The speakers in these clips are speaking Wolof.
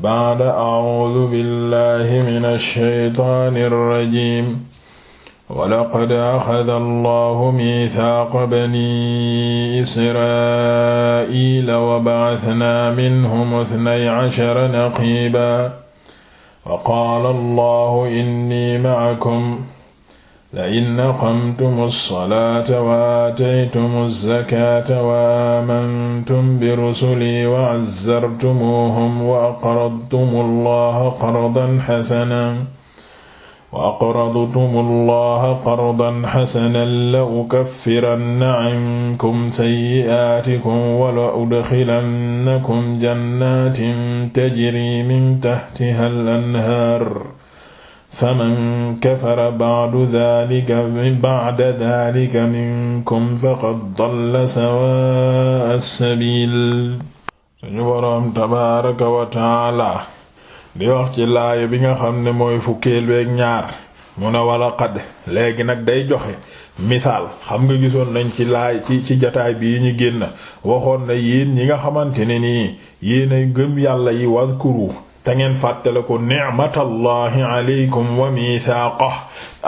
baada acuudu billahi min alsheytaani alrajim walaqad axada allahu mithaaqa bani israila wa bacasnaa minhum ithnay cashara naqiiba wa qaala allahu inni macakum la in aqamtumu salaata wa aataytumu zakaata wa amantum bi rusuli wa azzartumuhum wa aqradtumu allaha qardan xasanan wa aqradtumu allaha qardan xasanan la ukaffiranna ankum sayyi'aatikum wa la udxilannakum jannaatin tajri min tahtiha al-anhaar faman kafara ba'du dhalika ba'da dhalika minkum ci laaya bi nga xam ne mooy fukkeel beek ñaar mu ne wala xad léegi nag day joxe misaal xam nga gisoon nañ ci laay ci ci jataay bii ñu génn waxoon na yéen ñi nga xamante ne nii yéenay gëm yàlla yi wadkuru te ngeen fàttale ko ni'matallahi alaykum wa mithaqah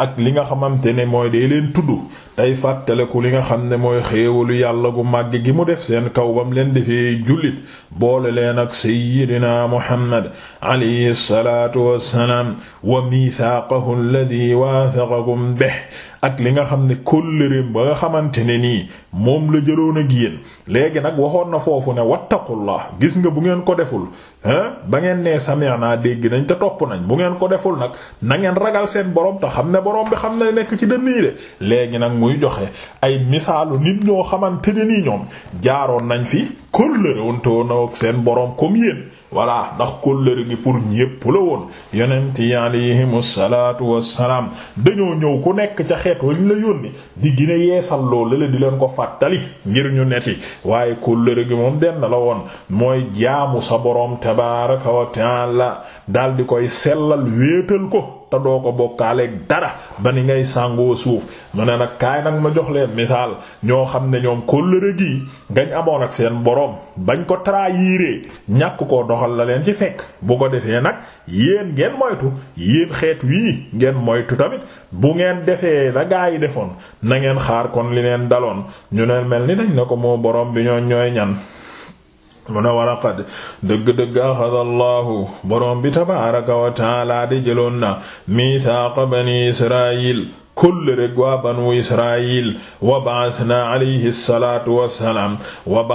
ak li nga xamante ne mooy day leen tudd tey fàttaleku li nga xam ne mooy xéewalu yàlla gu màgg gi mu def seen kaw bam leen defee julit boole leen ak sayyidina muhammad alayhi salaatu wassalaam wa mithaaqahu alladhi waathaqakum bih ak li nga xam ne kóllëreem ba nga xamante ne nii moom la jëloon ak yéen léegi nag waxoon na foofu ne wattaqullah gis nga bu ngeen ko deful ba ngeen nee naa dégg nañ te topp nañ bu ngeen ko deful nag nangeen ragal seen borom te xam ne borom bi xam ne nekk ci dënn yi de léegi nag muy joxe ay misaalu nit ñoo xamante ne nii ñoom jaaroon nañ fi kóllëre woon te ak seen borom comme yéen. voilà ndax kóllëre gi pour ñépp la woon yonent yi alayhimu salaatu wassalaam dañoo ñëw ku nekk ca xeet wañ la yónni di gën a yeesal loolu la di leen ko fàttali ngir ñu neti waaye kóllëre gi moom na la woon mooy jaamu sa boroom tabaaraka wa taala dal di koy sellal wéetal ko te doo ko bokkaaleeg dara ba ni ngay sàngoo suuf mu ne nag kaay nag ma jox leen misaal ñoo xam ne ñoom kóllëre gi ngañ amoon ak seen boroom bañ ko trahiré ñàkk ko doxal la leen ci fekk bu ko defee nag yéen ngeen moytu yéen xeet wii ngeen moytu tamit bu ngeen defee la gaa yi defoon na ngeen xaar kon li leen daloon ñu ne mel ni dañ ne ko moo boroom bi ñoo ñooy ñan mu ne walaqad dëgg-dëgg axada allahu boroom bi tabaaraka wa taala di jëloon na miisaaqa bani israil kóllëre waa banu israil wa ba'athna alayhi salaatu wassalaam wa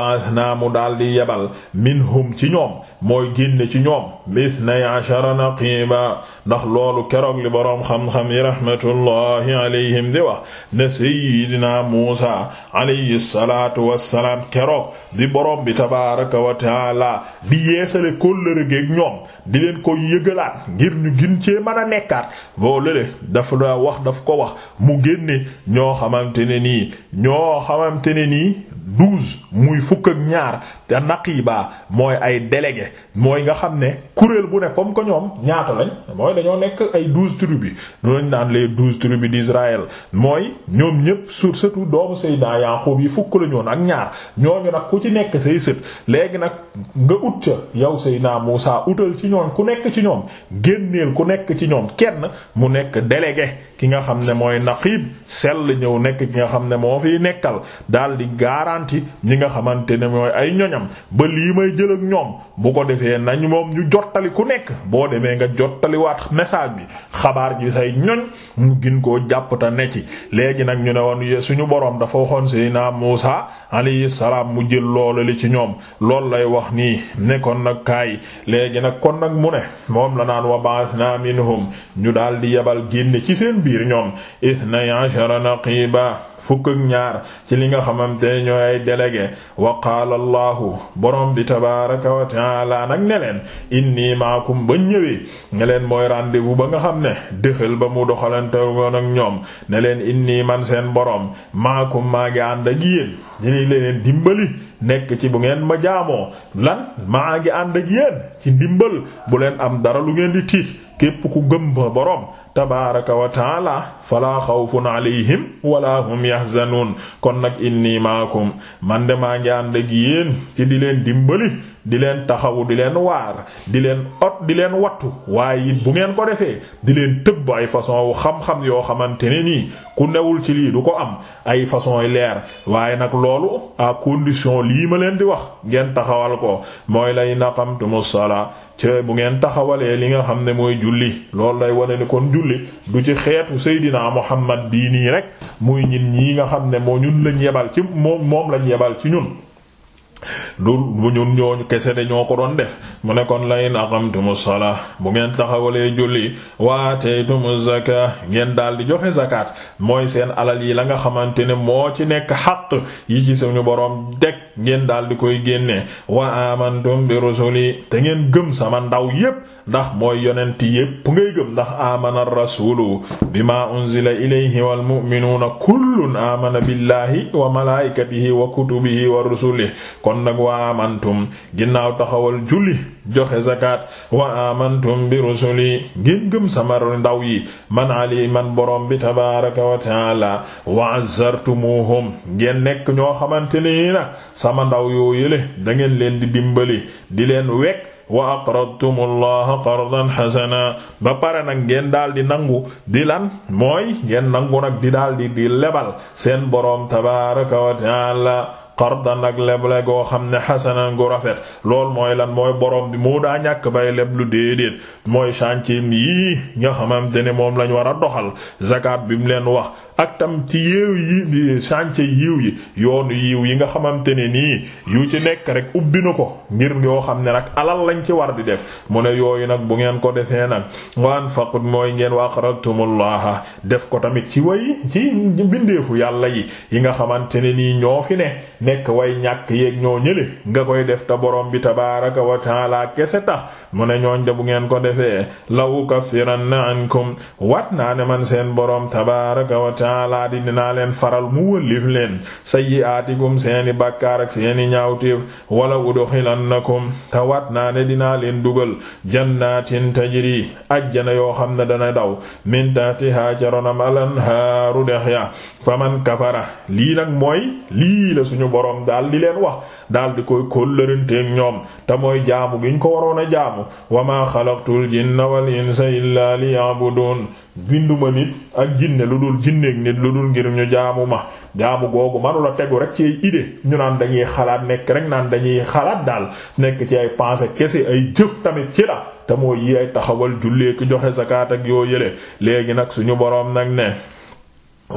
yebal minhum ci ñoom mooy génne ci ñoom mithnay ashara ndax loolu keroog li boroom xam-xam yi rahmatullahi alayhim di wax ne sayyidina Muusa alayhi salaatu wassalaam keroog di boroom bi tabaaraka wa taala di yeesale kóllëre geek ñoom di leen ko yëgalaat ngir ñu gin cee mën a nekkaat loolu le dafa wax daf ko wax mu génne ñoo xamante ne nii ñoo xamante ne nii duus muy fukk ak ñaar te naqiiba mooy ay délégué mooy nga xam ne kuréel bu ne comme que ñoom ñaata lañ mooy dañoo nekk ay douze tribus ñu lañ naan les douze tribus d'Israël mooy ñoom ñépp surtout doomu Seydina Yaaqub yi fukk la ak ñaar ñooñu nag ku ci nekk say sët léegi nag nga ut ca yow naa Muusaa utal ci ñoom ku nekk ci ñoom génneel ku nekk ci ñoom kenn mu nekk délégué ki nga xam ne mooy naqiib sell ñëw nekk ki nga xam ne moo fiy nekkal daal di garanti ñi nga xamante ne mooy ay ñoñam ñoom te nañ moom ñu jottali ku nekk boo demee nga jottaliwaat message bi xabaar ji say ñoñ mu gin koo jàpp te ne ci léegi nag ñu ne woon suñu boroom dafa waxoon Seydina Muusa alayhi salaam mu jël loolu li ci ñoom loolu lay wax nii nekkoon nag kaay léegi nag kon nag mu ne moom la naan wa ba'athna minhum ñu daal di yebal génne ci seen biir ñoom ithnay ashara naqiba fukk ak ñaar ci li nga xamante ne ñooy ay délégué wa qaala allahu borom bi tabaraka wa taala nag ne leen inni maakum ba ñëwee ne leen mooy rendez ba nga xam ne dëxal ba mu doxalante woon ak ñoom ne leen inni man seen borom maakum maa ngi ànd ak yéen dini leen dimbali nekk ci bu ngeen ma jaamoo lan maa ngi ànd ak yéen ci ndimbal bu leen am dara lu ngeen di tiit képp ku gëm ba boroom tabaaraka wa taala falaa xawfun alayhim wala hum yahzanuun kon nag inni maakum man de maa ngi ànd ak yéen ci di leen dimbali di leen taxawu di leen waar di leen ot di leen wattu waaye it bu ngeen ko defee di leen tëbb ay façon wu xam-xam yoo xamante ne nii ku newul ci lii du ko am ay façon yi leer waaye nag loolu à condition lii ma leen di wax ngeen taxawal ko mooy lay naqamtumus sala ci bu ngeen taxawalee li nga xam ne mooy julli loolu day wane ni kon julli du ci xeetu Seydina Muhammad bii nii rek muy ñin ñii nga xam ne moo ñun lañ yebal ci moom moom lañ yebal ci ñun du bu ñooñu kese de ñoo ko doon def mu ne kon layin aqamtumu salaa bu ngeen taxawalee julli wa ataytumu zaka ngeen daal di joxe zakat mooy seen alal yi la nga xamante ne moo ci nekk xaq yi ci suñu borom deg ngeen daal di koy génne wa amantum bi rusuli te ngeen gëm sama ndaw yépp ndax mooy yonent yépp ngay gëm ndax amana rasulu bima unzila ilayhi wal mu'minuna kullun amana billahi wa malaikatihi wa kutubihi wa rusulihi kon nag wa amantum ginnaaw taxawal julli joxe zakat wa amantum bi rusuli ngeen gëm sama ndaw yi man ali man borom bi tabaraka wa taala wa azzartumuhum ngeen nekk ñoo xamante ne nag sama ndaw yoo yële da ngeen leen di dimbali di leen wekk wa aqradtumu allaha qardan xasana ba pare nag ngeen daal di nangu di lan mooy ngeen nangu nag di daal di lebal seen boroom tabaraka wa taala qardan ak leble goo xam ne xasanan gu rafet lool mooy lan mooy borom bi moo daa ñàkk bay leblu déedéet mooy chantier yi nga xamante ne moom lañu war a doxal zakat bi mu leen wax ak tam ci yéew yi chantier yiw yi yoonu yiw yi nga xamante ne nii yu ci nekk rek ubbi na ko ngir yoo xam ne nag alal lañ ci war di def mu ne yooyu nag bu ngeen ko defee nag waan faqut mooy ngeen wax wa a def ko tamit ci way ci bindeefu yàlla yi yi nga xamante ne nii ñoo fi ne nekk way ñàkk yeeg ñoo ñële nga koy def ta borom bi tabaaraka wa taala kese tax mu ne ñooñ da bu ngeen ko defee la na ankum wat naa ne man seen borom tabaaraka wa taala di dinaa leen faral mu wëllif leen sayyi'aatikum seeni bàkkaar ak seeni ñaawteef na udxilannakum te wat naa ne dinaa leen dugal jannatin tajri ajjana yoo xam ne dana daw min tahtiha jaronam al anhaaru dex ya faman kafara lii nag mooy lii la suñu borom daal di leen wax daal di koy kóllëranteeg ñoom te mooy jaamu gi ñu ko waroon a jaamu wa maa xalaqtul jinna wal insa illaa liya'budun binduma nit ak jinne lu dul jinneek nit lu dul ngir ñu jaamu ma jaamu googu manula tegu rek ci idée ñu naan dañuy xalaat nekk rek naan dañuy xalaat daal nekk ci ay pensée kese ay jëf tamit ci la te mooy yi ay taxawal jullee ki joxe sa ak yoo yële léegi nag suñu boroom nag ne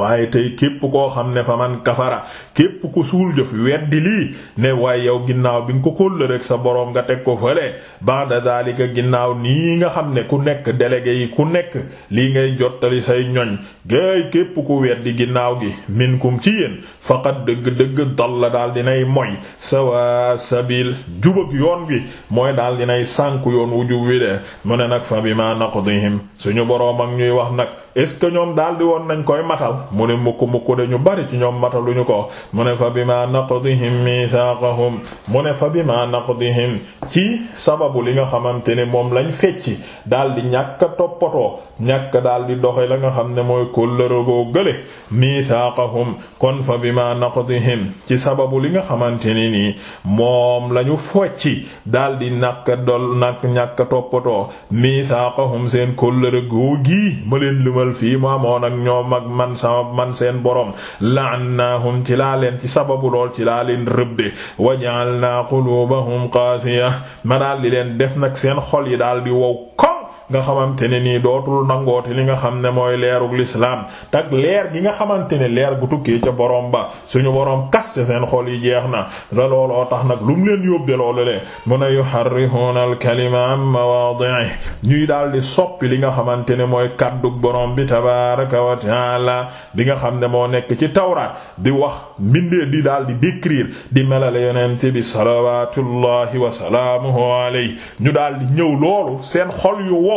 waaye tey képp koo xam ne fa man kafara képp ku suul jëf weddi lii ne waaye yow ginnaaw bi nga ko kóll rek sa boroom nga teg ko fële banda daalika ginnaaw nii nga xam ne ku nekk délégué yi ku nekk lii ngay jottali say ñoñ gaay képp ku weddi ginnaaw gi minkum ci yéen faqat dëgg-dëgg dal la daal nay moy sawa sabil jubag yoon wi mooy daal dinay sànk yoon wu jub wi de mu ne nag fa bi ma naqdihim suñu boroom ak ñuy wax nag est ce que ñoom daal di woon nañ koy matal mu ne mukk mukk de ñu bari ci ñoom mataluñu ko mu ne fa bima naqdihim mithaqahum mu ne fa bima naqdihim ci sababu li nga xamante ne moom lañ fecci daal di ñàkk toppatoo ñàkk daal di doxe la nga xam ne mooy kóllëre goo gële mithaqahum kon fa bima naqdihim ci sababu li nga xamante ne nii moom lañu focci daal di nàkk dol nak ñàkk toppatoo mithaqahum seen kóllëre goo gii ma leen limal fii mu amoon ak ñoom ak man sa sama man seen borom la'annahum ci laa leen ci sababu lool ci laa leen rëbbe waja'alna qulubahum qasiya ma daal di leen def nag seen xol yi daal di wow nga xamante ne nii dootul nangooti li nga xam ne mooy leerug lislaam tak leer gi nga xamante ne leer bu tukkee ca borom ba suñu borom kas ca seen xol yi jeex na la looloo tax nag lu mu leen yóbbe loolu le mun a yuharrifuna al kalima ma mawaadi'i ñuy daal di soppi li nga xamante ne mooy kàddug borom bi tabaraka wa taala bi nga xam ne moo nekk ci tawraat di wax mbindee di daal di décrire di melale yonent bi salawatullahi wa salaamuhu alayhi ñu daal di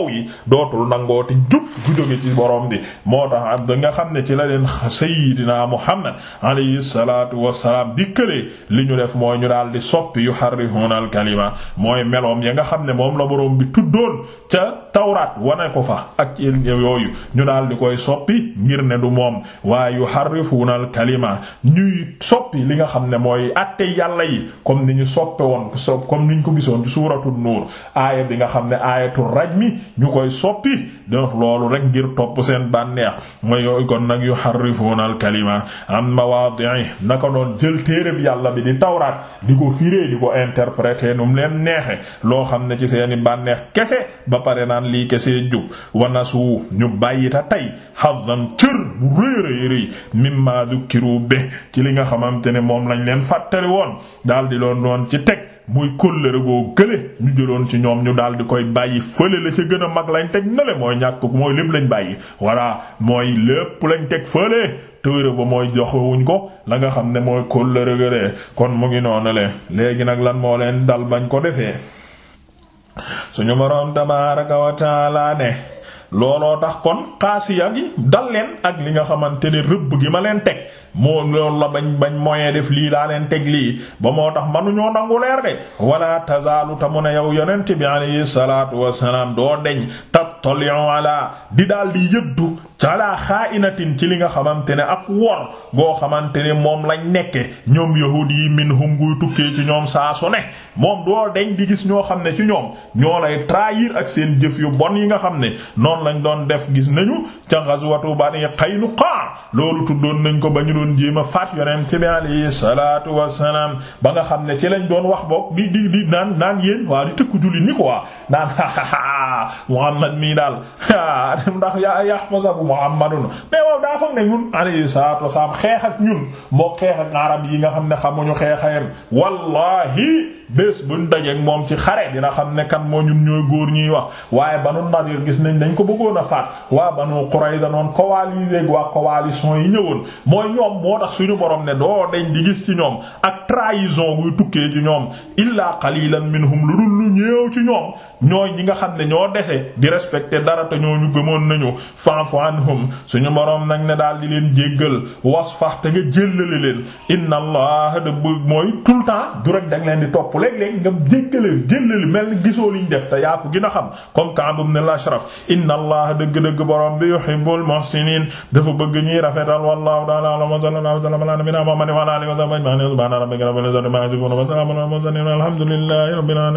wow yi dootul nangooti njub gu jóge ci borom bi moo tax ab da nga xam ne ci la leen sayyidina Muhammad alayhi salaatu wassalaam dikkalee li ñu def mooy ñu daal di soppi yuharrifuna al-kalima mooy meloom ya nga xam ne moom la borom bi tuddoon ca tawraat wane ko fa ak yooyu ñu daal di koy soppi ngir ne du moom waaye yuharrifuna al li nga xam ne mooy atte yàlla yi comme ni ñu soppe woon comme niñ ko gisoon ci nuur aaya bi nga xam ne aayatu rajmi ñu koy soppi donc loolu rek ngir topp seen bànneex mooy yooyu kon nag yu harrifuuna al kalima am mawaadi'i naka loon jël téereb yàlla bi di tawraat di ko firee di ko interpréter num leen neexe loo xam ne ci seeni bànneex kese ba pare naan lii kese jub wanasu ñu bàyyita tey hazzan cër bu réeréy réy mimma dhukkiru bi ci li nga xamante ne moom lañ leen fàttali woon daal di loon doon ci teg muy kóllëre goo gële ñu jëloon ci ñoom ñu daal di koy bàyyi fële la ca gën a mag lañ teg nale mooy ñàkk mooy lépp lañ bàyyi voilà mooy lépp lañ teg fële tëwre ba mooy joxewuñ ko la nga xam ne mooy kóllëre gële kon mu ngi noonu le léegi nag lan moo leen dal bañ ko defee suñu boroom tabaaraka wa looloo tax kon xaasiya gi dal leen ak li nga xamante ne rëbb gi ma leen teg moo loolu la bañ bañ moyen def lii laa leen teg lii ba moo tax manuñoo nangu leer de wala tazaalu ta ne yow yonent bi alayhi salaatu wassalaam doo deñ tattali'u ala di daal di yëddu ala inatin ci li nga xamante ne ak wor goo xamante ne moom lañ nekke ñoom yahud yi minhum guy tukkee ci ñoom saa su ne moom doo deñ di gis ñoo xam ne ci ñoom ñoo lay trahir ak seen jëf yu bon yi nga xam ne noonu lañ doon def gis nañu ca ghazwatu Bani Qaynuqa loolu tuddoon nañ ko ba ñu doon jéem a faat yonent bi alayhi salaatu wassalaam ba nga xam ne ci lañ doon wax boog bi di di daan daan yéen waa di tëkku julli ni quoi naan Muhammad mii daal ndax yaa yahmasabu Muhammadun mais waaw daa foog ne ñun alayhi salaatu wassalaam xeex ak ñun moo xeex ak arab yi nga xam ne xamuñu xeexayam wallahi bés buñ dajeek moom ci xare dina xam ne kan moo ñun ñooy góor ñuy wax waaye banu Nadir gis nañ dañ ko bëggoon a faat waa banu Qurayza noon coalisé waa coalition yi ñëwoon mooy ñoom moo tax suñu borom ne doo dañ di gis ci ñoom ak trahison guy tukkee ci ñoom illaa qalilan minhum lu dul lu ñëw ci ñoom ñooy ñi nga xam ne ñoo dese di respecté dara te ñu gëmoon nañu fa'fu anhum suñu borom nag ne daal di leen jéggal wasfah te nga jëllale leen inna allah le temps du rek da nga leen di léeg-léeg nga jéggale jéllali mel ni gisoo liñ def te yaa ko gën a xam comme Ka'b ibn al-Ashraf inna allah dëgg-dëgg borom bi yuhibbul muhsinin dafa a ñuy rafetal a ta'ala a'lam a sallallahu alayhi a sallam ala a muhammadin wa ala alihi wa sahbihi ajma'in subhana rabbika rabbil izzati amma yasifun wa salamun ala al-mursalin alhamdulillahi rabbil alamin